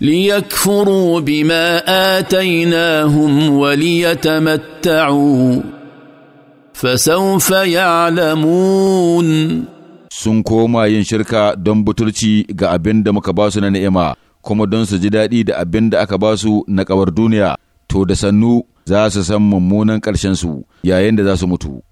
ليكفروا بما اتيناهم وليتمتعوا فسوف يعلمون sun koma yin shirka don butulci ga abin da muka basu na ni'ima kuma don su ji daɗi da abin da aka basu na ƙawar duniya to da sannu za su san mummunan ƙarshensu yayin da za su mutu